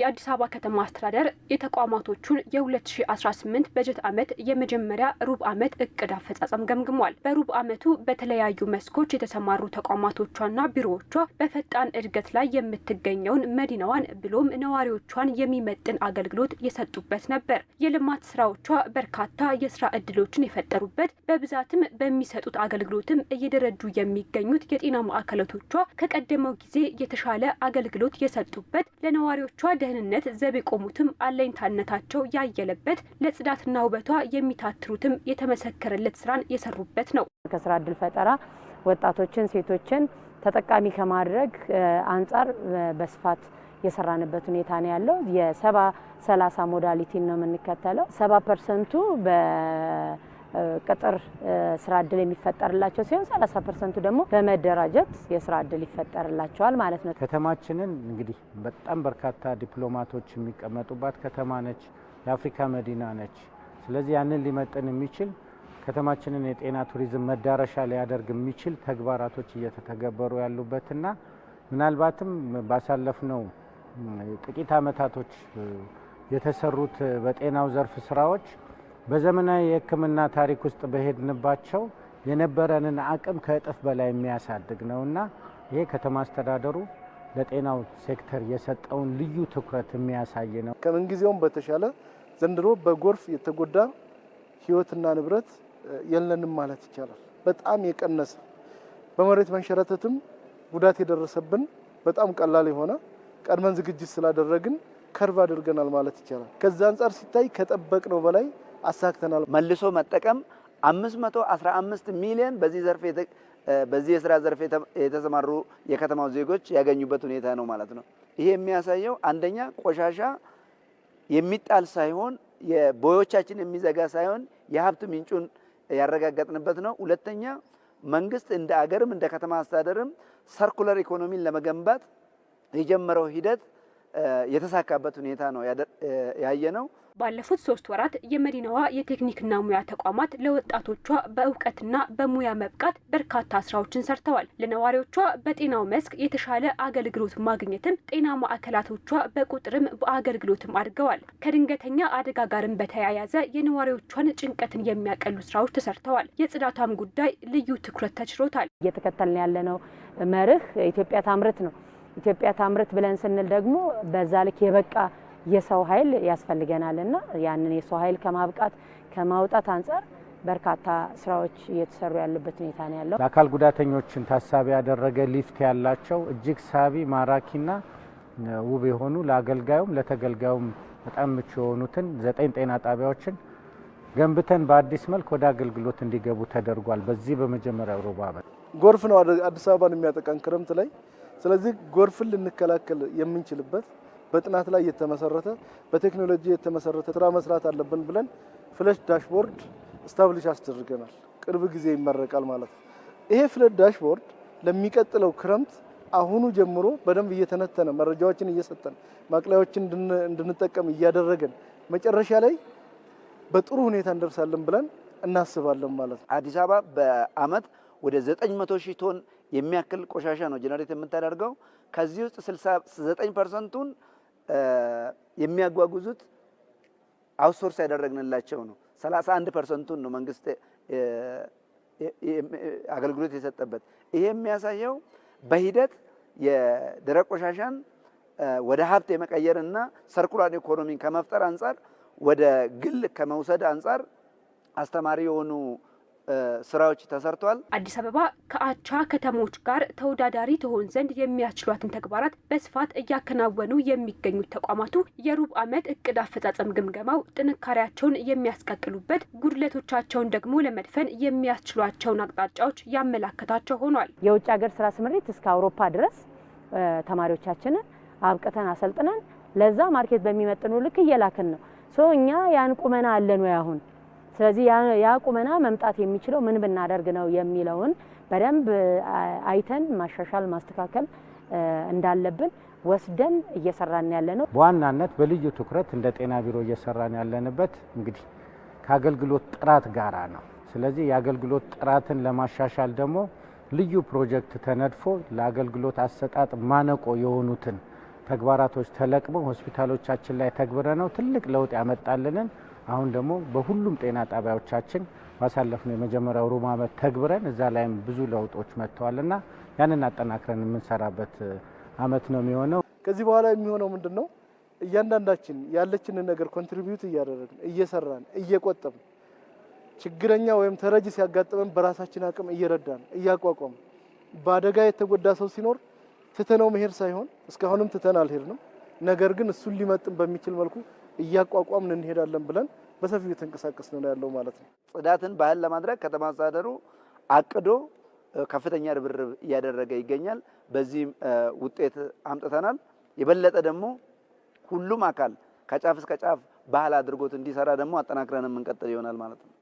የአዲስ አበባ ከተማ አስተዳደር የተቋማቶቹን የ2018 በጀት ዓመት የመጀመሪያ ሩብ ዓመት እቅድ አፈጻጸም ገምግሟል። በሩብ ዓመቱ በተለያዩ መስኮች የተሰማሩ ተቋማቶቿና ቢሮዎቿ በፈጣን እድገት ላይ የምትገኘውን መዲናዋን ብሎም ነዋሪዎቿን የሚመጥን አገልግሎት የሰጡበት ነበር። የልማት ስራዎቿ በርካታ የስራ እድሎችን የፈጠሩበት፣ በብዛትም በሚሰጡት አገልግሎትም እየደረጁ የሚገኙት የጤና ማዕከላቶቿ ከቀደመው ጊዜ የተሻለ አገልግሎት የሰጡበት ለነዋሪዎቿ ደህንነት ዘብ የቆሙትም አለኝታነታቸው ያየለበት ለጽዳትና ውበቷ የሚታትሩትም የተመሰከረለት ስራን የሰሩበት ነው። ከስራ እድል ፈጠራ ወጣቶችን፣ ሴቶችን ተጠቃሚ ከማድረግ አንጻር በስፋት የሰራንበት ሁኔታ ነው ያለው። የሰባ ሰላሳ ሞዳሊቲን ነው የምንከተለው። ሰባ ፐርሰንቱ ቅጥር ስራ እድል የሚፈጠርላቸው ሲሆን 30 ፐርሰንቱ ደግሞ በመደራጀት የስራ እድል ይፈጠርላቸዋል ማለት ነው። ከተማችንን እንግዲህ በጣም በርካታ ዲፕሎማቶች የሚቀመጡባት ከተማ ነች፣ የአፍሪካ መዲና ነች። ስለዚህ ያንን ሊመጥን የሚችል ከተማችንን የጤና ቱሪዝም መዳረሻ ሊያደርግ የሚችል ተግባራቶች እየተተገበሩ ያሉበትና ምናልባትም ባሳለፍነው ጥቂት አመታቶች የተሰሩት በጤናው ዘርፍ ስራዎች በዘመናዊ የሕክምና ታሪክ ውስጥ በሄድንባቸው የነበረንን አቅም ከእጥፍ በላይ የሚያሳድግ እና ይሄ ከተማ አስተዳደሩ ለጤናው ሴክተር የሰጠውን ልዩ ትኩረት የሚያሳይ ነው። ከምንጊዜውም በተሻለ ዘንድሮ በጎርፍ የተጎዳ ህይወትና ንብረት የለንም ማለት ይቻላል። በጣም የቀነሰ በመሬት መንሸረተትም ጉዳት የደረሰብን በጣም ቀላል የሆነ ቀድመን ዝግጅት ስላደረግን ከርቭ አድርገናል ማለት ይቻላል። ከዛ አንጻር ሲታይ ከጠበቅነው በላይ አሳክተናል። መልሶ መጠቀም 515 ሚሊዮን በዚህ ዘርፍ በዚህ የስራ ዘርፍ የተሰማሩ የከተማው ዜጎች ያገኙበት ሁኔታ ነው ማለት ነው። ይሄ የሚያሳየው አንደኛ ቆሻሻ የሚጣል ሳይሆን የቦዮቻችን የሚዘጋ ሳይሆን የሀብት ምንጩን ያረጋገጥንበት ነው። ሁለተኛ መንግስት እንደ አገርም እንደ ከተማ አስተዳደርም ሰርኩለር ኢኮኖሚን ለመገንባት የጀመረው ሂደት የተሳካበት ሁኔታ ነው ያየ ነው። ባለፉት ሶስት ወራት የመዲናዋ የቴክኒክና ሙያ ተቋማት ለወጣቶቿ በእውቀትና በሙያ መብቃት በርካታ ስራዎችን ሰርተዋል። ለነዋሪዎቿ በጤናው መስክ የተሻለ አገልግሎት ማግኘትም ጤና ማዕከላቶቿ በቁጥርም በአገልግሎትም አድገዋል። ከድንገተኛ አደጋ ጋርም በተያያዘ የነዋሪዎቿን ጭንቀትን የሚያቀሉ ስራዎች ተሰርተዋል። የጽዳቷም ጉዳይ ልዩ ትኩረት ተችሎታል። እየተከተልን ያለነው መርህ ኢትዮጵያ ታምርት ነው። ኢትዮጵያ ታምርት ብለን ስንል ደግሞ በዛ ልክ የበቃ የሰው ኃይል እና ያንን የሰው ኃይል ከማብቃት ከማውጣት አንጻር በርካታ ስራዎች እየተሰሩ ያሉበት ሁኔታ ነው ያለው። ለአካል ጉዳተኞችን ታሳቢ ያደረገ ሊፍት ያላቸው እጅግ ሳቢ ማራኪና ውብ የሆኑ ለአገልጋዩም ለተገልጋዩም በጣም ምቹ የሆኑትን ዘጠኝ ጤና ጣቢያዎችን ገንብተን በአዲስ መልክ ወደ አገልግሎት እንዲገቡ ተደርጓል። በዚህ በመጀመሪያው ሩብ ዓመት ጎርፍ ነው አዲስ አበባን የሚያጠቃን ክረምት ላይ። ስለዚህ ጎርፍን ልንከላከል የምንችልበት በጥናት ላይ የተመሰረተ በቴክኖሎጂ የተመሰረተ ስራ መስራት አለብን ብለን ፍለሽ ዳሽቦርድ ስታብሊሽ አስደርገናል። ቅርብ ጊዜ ይመረቃል ማለት ነው። ይሄ ፍለሽ ዳሽቦርድ ለሚቀጥለው ክረምት አሁኑ ጀምሮ በደንብ እየተነተነ መረጃዎችን እየሰጠን ማቅለያዎችን እንድንጠቀም እያደረገን መጨረሻ ላይ በጥሩ ሁኔታ እንደርሳለን ብለን እናስባለን ማለት ነው። አዲስ አበባ በአመት ወደ 900 ሺህ ቶን የሚያክል ቆሻሻ ነው ጀነሬት የምታደርገው። ከዚህ ውስጥ 69 ፐርሰንቱን የሚያጓጉዙት አውትሶርስ ያደረግንላቸው ነው። 31 ፐርሰንቱን ነው መንግስት አገልግሎት የሰጠበት። ይሄ የሚያሳየው በሂደት የደረቅ ቆሻሻን ወደ ሀብት የመቀየር እና ሰርኩላር ኢኮኖሚን ከመፍጠር አንጻር ወደ ግል ከመውሰድ አንጻር አስተማሪ የሆኑ ስራዎች ተሰርተዋል። አዲስ አበባ ከአቻ ከተሞች ጋር ተወዳዳሪ ትሆን ዘንድ የሚያስችሏትን ተግባራት በስፋት እያከናወኑ የሚገኙት ተቋማቱ የሩብ ዓመት እቅድ አፈጻጸም ግምገማው ጥንካሬያቸውን የሚያስቀጥሉበት፣ ጉድለቶቻቸውን ደግሞ ለመድፈን የሚያስችሏቸውን አቅጣጫዎች ያመላከታቸው ሆኗል። የውጭ ሀገር ስራ ስምሪት እስከ አውሮፓ ድረስ ተማሪዎቻችንን አብቅተን አሰልጥነን ለዛ ማርኬት በሚመጥኑ ልክ እየላክን ነው። ሶ እኛ ያን ቁመና አለን ወይ አሁን ስለዚህ ያ ቁመና መምጣት የሚችለው ምን ብናደርግ ነው የሚለውን በደንብ አይተን ማሻሻል ማስተካከል እንዳለብን ወስደን እየሰራን ያለ ነው። በዋናነት በልዩ ትኩረት እንደ ጤና ቢሮ እየሰራን ያለንበት እንግዲህ ከአገልግሎት ጥራት ጋራ ነው። ስለዚህ የአገልግሎት ጥራትን ለማሻሻል ደግሞ ልዩ ፕሮጀክት ተነድፎ ለአገልግሎት አሰጣጥ ማነቆ የሆኑትን ተግባራቶች ተለቅመው ሆስፒታሎቻችን ላይ ተግብረ ነው ትልቅ ለውጥ ያመጣልንን አሁን ደግሞ በሁሉም ጤና ጣቢያዎቻችን ባሳለፍነው የመጀመሪያው ሩብ ዓመት ተግብረን እዛ ላይም ብዙ ለውጦች መጥተዋልና ያንን አጠናክረን የምንሰራበት ዓመት ነው የሚሆነው። ከዚህ በኋላ የሚሆነው ምንድን ነው? እያንዳንዳችን ያለችንን ነገር ኮንትሪቢዩት እያደረግን እየሰራን እየቆጠብን ችግረኛ ወይም ተረጂ ሲያጋጥመን በራሳችን አቅም እየረዳን እያቋቋም በአደጋ የተጎዳ ሰው ሲኖር ትተነው መሄድ ሳይሆን እስካሁንም ትተን አልሄድንም። ነገር ግን እሱን ሊመጥን በሚችል መልኩ እያቋቋምን እንሄዳለን ብለን በሰፊው እየተንቀሳቀስ ነው ያለው ማለት ነው። ጽዳትን ባህል ለማድረግ ከተማ አስተዳደሩ አቅዶ ከፍተኛ ርብርብ እያደረገ ይገኛል። በዚህም ውጤት አምጥተናል። የበለጠ ደግሞ ሁሉም አካል ከጫፍ እስከ ጫፍ ባህል አድርጎት እንዲሰራ ደግሞ አጠናክረን የምንቀጥል ይሆናል ማለት ነው።